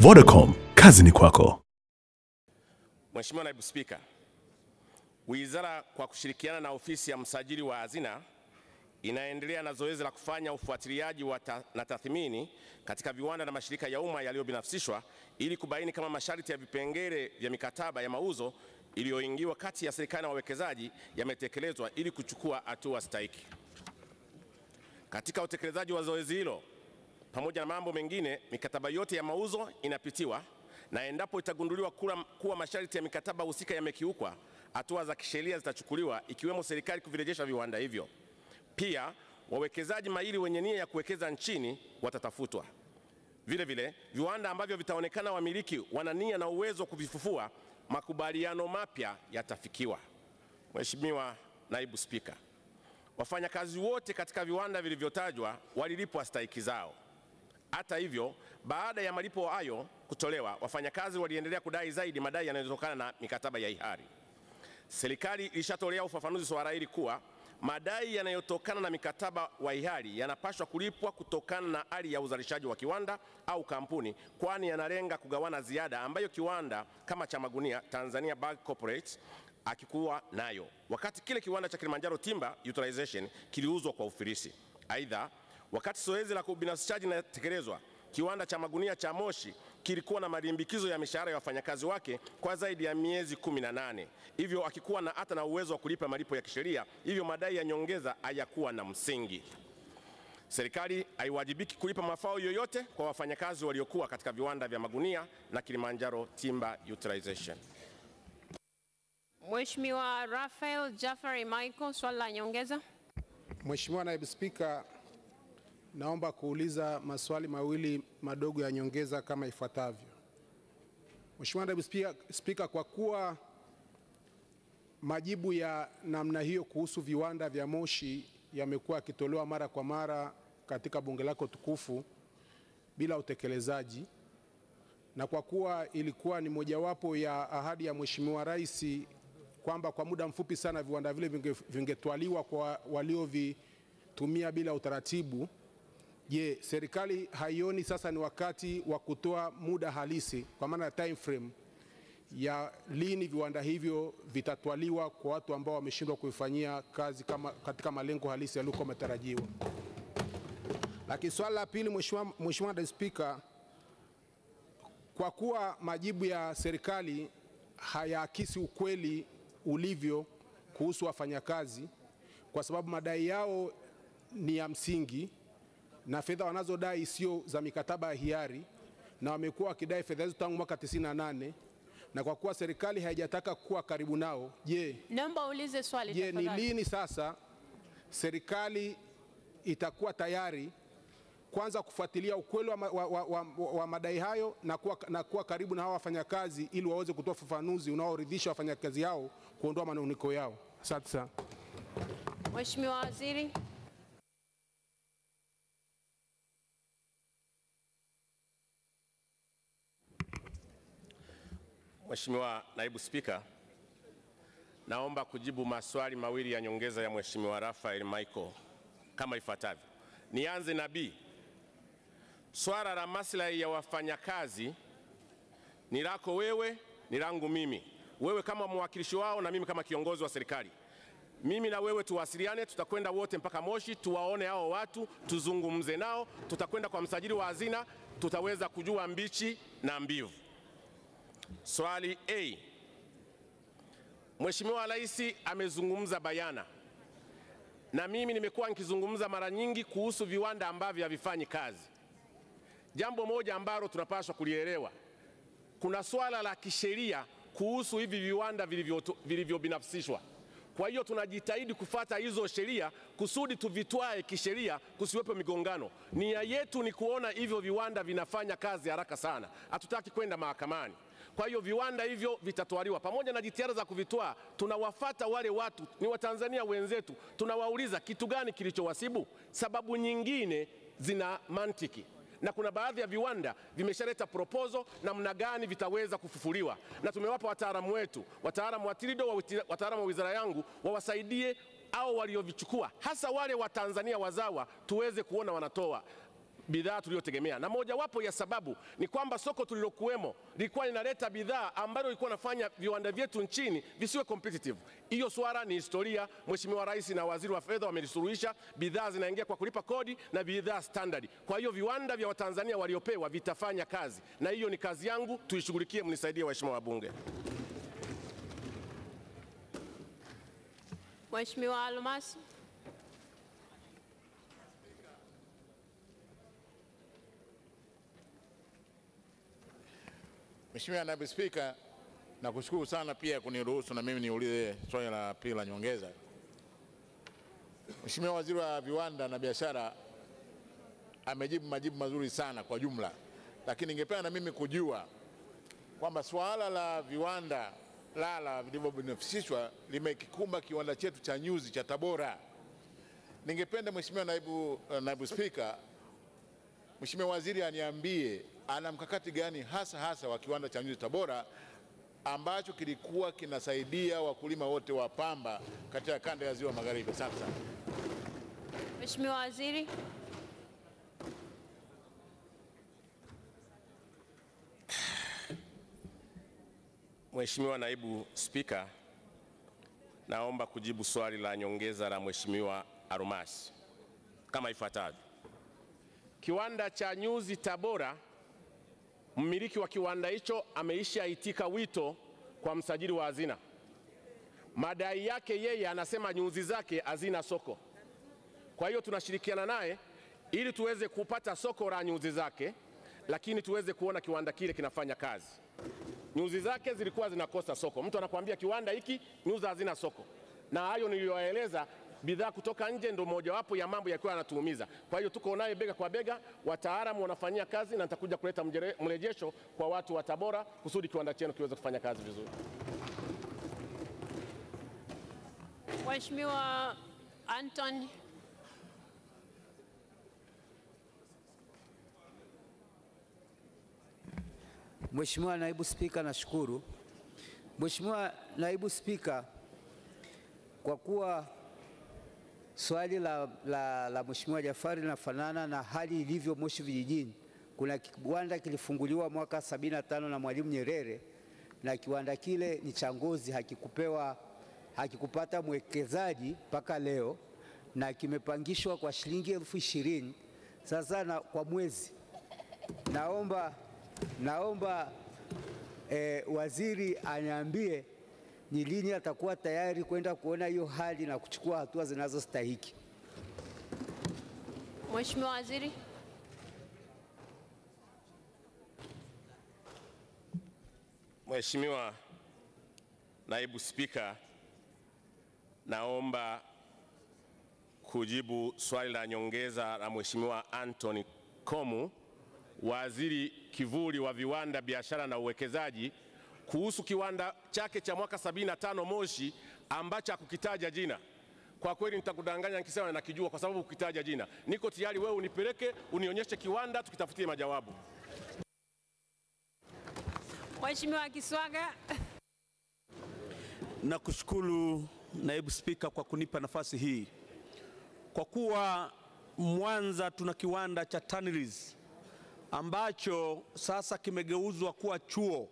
Vodacom, kazi ni kwako. Mheshimiwa Naibu Spika, Wizara kwa kushirikiana na ofisi ya msajili wa hazina inaendelea na zoezi la kufanya ufuatiliaji ta, na tathmini katika viwanda na mashirika ya umma yaliyobinafsishwa ili kubaini kama masharti ya vipengele vya mikataba ya mauzo iliyoingiwa kati ya serikali na wawekezaji yametekelezwa ili kuchukua hatua stahiki. Katika utekelezaji wa zoezi hilo pamoja na mambo mengine, mikataba yote ya mauzo inapitiwa na endapo itagunduliwa kuwa masharti ya mikataba husika yamekiukwa, hatua za kisheria zitachukuliwa, ikiwemo serikali kuvirejesha viwanda hivyo. Pia wawekezaji mahiri wenye nia ya kuwekeza nchini watatafutwa. Vile vile viwanda ambavyo vitaonekana wamiliki wana nia na uwezo kuvifufua, makubaliano mapya yatafikiwa. Mheshimiwa Naibu Spika, wafanyakazi wote katika viwanda vilivyotajwa walilipwa stahiki zao. Hata hivyo, baada ya malipo hayo kutolewa, wafanyakazi waliendelea kudai zaidi madai yanayotokana na mikataba ya ihari Serikali ilishatolea ufafanuzi swala hili kuwa madai yanayotokana na mikataba wa ihari yanapaswa kulipwa kutokana na hali ya uzalishaji wa kiwanda au kampuni, kwani yanalenga kugawana ziada ambayo kiwanda kama cha magunia Tanzania Bag Corporate akikuwa nayo, wakati kile kiwanda cha Kilimanjaro Timber Utilization kiliuzwa kwa ufilisi. Aidha, Wakati zoezi la ubinafsishaji linatekelezwa, kiwanda cha magunia cha Moshi kilikuwa na malimbikizo ya mishahara ya wafanyakazi wake kwa zaidi ya miezi kumi na nane, hivyo akikuwa na hata na uwezo wa kulipa malipo ya kisheria, hivyo madai ya nyongeza hayakuwa na msingi. Serikali haiwajibiki kulipa mafao yoyote kwa wafanyakazi waliokuwa katika viwanda vya magunia na Kilimanjaro Timber Utilization. Mheshimiwa Rafael Jafari Michael, swali la nyongeza. Mheshimiwa Naibu Spika, Naomba kuuliza maswali mawili madogo ya nyongeza kama ifuatavyo. Mheshimiwa Naibu Spika, kwa kuwa majibu ya namna hiyo kuhusu viwanda vya Moshi yamekuwa yakitolewa mara kwa mara katika bunge lako tukufu bila utekelezaji, na kwa kuwa ilikuwa ni mojawapo ya ahadi ya Mheshimiwa Rais kwamba kwa muda mfupi sana viwanda vile vingetwaliwa kwa waliovitumia bila utaratibu, Je, serikali haioni sasa ni wakati wa kutoa muda halisi kwa maana ya time frame ya lini viwanda hivyo vitatwaliwa kwa watu ambao wameshindwa kuifanyia kazi kama, katika malengo halisi yaliyokuwa matarajiwa. Lakini swala la pili, Mheshimiwa Naibu Spika, kwa kuwa majibu ya serikali hayaakisi ukweli ulivyo kuhusu wafanyakazi, kwa sababu madai yao ni ya msingi na fedha wanazodai sio za mikataba ya hiari, na wamekuwa wakidai fedha hizo tangu mwaka 98 na kwa kuwa serikali haijataka kuwa karibu nao. Je, naomba uulize swali. Je, ni lini sasa serikali itakuwa tayari kwanza kufuatilia ukweli wa, wa, wa, wa, wa madai hayo na kuwa, na kuwa karibu na hao wafanyakazi ili waweze kutoa ufafanuzi unaoridhisha wafanyakazi hao kuondoa manuniko yao. Asante sana Mheshimiwa Waziri. Mheshimiwa Naibu Spika, naomba kujibu maswali mawili ya nyongeza ya Mheshimiwa rafael Michael kama ifuatavyo. Nianze na B. Swala la maslahi ya wafanyakazi ni lako wewe, ni langu mimi, wewe kama mwakilishi wao na mimi kama kiongozi wa serikali. Mimi na wewe tuwasiliane, tutakwenda wote mpaka Moshi, tuwaone hao watu, tuzungumze nao, tutakwenda kwa msajili wa hazina, tutaweza kujua mbichi na mbivu. Swali A. Mheshimiwa Rais amezungumza bayana, na mimi nimekuwa nikizungumza mara nyingi kuhusu viwanda ambavyo havifanyi kazi. Jambo moja ambalo tunapaswa kulielewa, kuna swala la kisheria kuhusu hivi viwanda vilivyobinafsishwa. Kwa hiyo tunajitahidi kufata hizo sheria kusudi tuvitwae kisheria, kusiwepo migongano. Nia yetu ni kuona hivyo viwanda vinafanya kazi haraka sana, hatutaki kwenda mahakamani. Kwa hiyo viwanda hivyo vitatwaliwa, pamoja na jitihada za kuvitwaa. Tunawafata wale watu, ni Watanzania wenzetu, tunawauliza kitu gani kilichowasibu. Sababu nyingine zina mantiki na kuna baadhi ya viwanda vimeshaleta proposal namna gani vitaweza kufufuliwa, na tumewapa wataalamu wetu, wataalamu wa TIRIDO, wataalamu wa wizara yangu wawasaidie au waliovichukua hasa wale wa tanzania wazawa tuweze kuona wanatoa bidhaa tuliyotegemea, na mojawapo ya sababu ni kwamba soko tulilokuwemo lilikuwa linaleta bidhaa ambayo ilikuwa nafanya viwanda vyetu nchini visiwe competitive. Hiyo swala ni historia. Mheshimiwa Rais na Waziri wa Fedha wamelisuluhisha, bidhaa zinaingia kwa kulipa kodi na bidhaa standard. Kwa hiyo viwanda vya Watanzania waliopewa vitafanya kazi, na hiyo ni kazi yangu, tuishughulikie, mnisaidie waheshimiwa wabunge. Mheshimiwa Almasi. Mheshimiwa Naibu Spika, nakushukuru sana pia kuniruhusu na mimi niulize swali la pili la nyongeza. Mheshimiwa Waziri wa Viwanda na Biashara amejibu majibu mazuri sana kwa jumla, lakini ningependa na mimi kujua kwamba swala la viwanda lala vilivyobinafsishwa limekikumba kiwanda chetu cha nyuzi cha Tabora. Ningependa Mheshimiwa naibu, eh, naibu Spika, Mheshimiwa Waziri aniambie ana mkakati gani hasa hasa wa kiwanda cha nyuzi Tabora ambacho kilikuwa kinasaidia wakulima wote wa pamba katika kanda ya ziwa magharibi? Asante sana. Mheshimiwa Waziri. Mheshimiwa Naibu Spika, naomba kujibu swali la nyongeza la Mheshimiwa arumasi kama ifuatavyo. Kiwanda cha nyuzi Tabora Mmiliki wa kiwanda hicho ameisha itika wito kwa msajili wa hazina. Madai yake yeye anasema nyuzi zake hazina soko. Kwa hiyo tunashirikiana naye ili tuweze kupata soko la nyuzi zake, lakini tuweze kuona kiwanda kile kinafanya kazi. Nyuzi zake zilikuwa zinakosa soko. Mtu anakuambia kiwanda hiki nyuzi hazina soko, na hayo niliyoeleza bidhaa kutoka nje ndio mojawapo ya mambo yakiwa yanatuumiza. Kwa hiyo tuko naye bega kwa bega, wataalamu wanafanyia kazi na nitakuja kuleta mrejesho kwa watu wa Tabora kusudi kiwanda chenu kiweze kufanya kazi vizuri. Mheshimiwa Anton Mheshimiwa Naibu Spika, nashukuru. Mheshimiwa Naibu Spika, kwa kuwa Swali la, la, la Mheshimiwa Jafari linafanana na hali ilivyo Moshi vijijini. Kuna kiwanda kilifunguliwa mwaka 75 na Mwalimu Nyerere na kiwanda kile ni cha ngozi, hakikupewa hakikupata mwekezaji mpaka leo, na kimepangishwa kwa shilingi elfu ishirini sasa na, kwa mwezi. Naomba, naomba eh, waziri aniambie ni lini atakuwa tayari kwenda kuona hiyo hali na kuchukua hatua zinazostahiki. Mheshimiwa Waziri. Mheshimiwa Naibu Spika, naomba kujibu swali la nyongeza la Mheshimiwa Anthony Komu, Waziri Kivuli wa Viwanda, Biashara na Uwekezaji kuhusu kiwanda chake cha mwaka 75 Moshi ambacho hakukitaja jina. Kwa kweli nitakudanganya nikisema nakijua, kwa sababu kukitaja jina. Niko tayari wewe unipeleke unionyeshe kiwanda, tukitafutie majawabu. Mheshimiwa Kiswaga, nakushukuru naibu spika kwa kunipa nafasi hii. Kwa kuwa Mwanza tuna kiwanda cha tanneries ambacho sasa kimegeuzwa kuwa chuo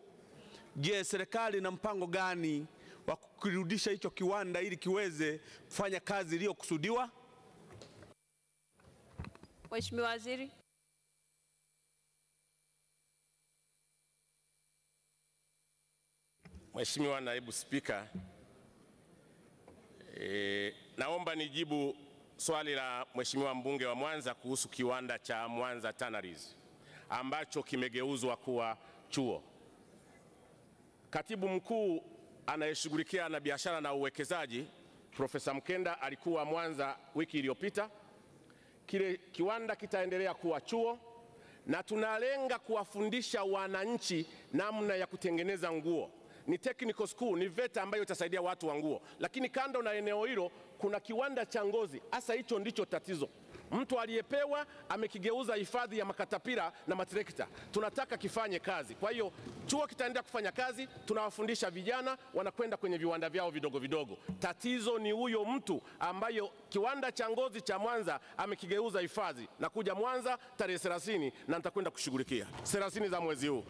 Je, serikali ina mpango gani wa kukirudisha hicho kiwanda ili kiweze kufanya kazi iliyokusudiwa? Mheshimiwa Waziri. Mheshimiwa Naibu Spika, e, naomba nijibu swali la Mheshimiwa mbunge wa Mwanza kuhusu kiwanda cha Mwanza Tanneries ambacho kimegeuzwa kuwa chuo. Katibu mkuu anayeshughulikia na biashara na uwekezaji Profesa Mkenda alikuwa Mwanza wiki iliyopita. Kile kiwanda kitaendelea kuwa chuo na tunalenga kuwafundisha wananchi namna ya kutengeneza nguo. Ni technical school, ni VETA ambayo itasaidia watu wa nguo, lakini kando na eneo hilo kuna kiwanda cha ngozi. Hasa hicho ndicho tatizo mtu aliyepewa amekigeuza hifadhi ya makatapira na matrekta. Tunataka kifanye kazi. Kwa hiyo chuo kitaendelea kufanya kazi, tunawafundisha vijana, wanakwenda kwenye viwanda vyao vidogo vidogo. Tatizo ni huyo mtu ambayo kiwanda cha ngozi cha Mwanza amekigeuza hifadhi na kuja Mwanza tarehe 30 na nitakwenda kushughulikia 30 za mwezi huu.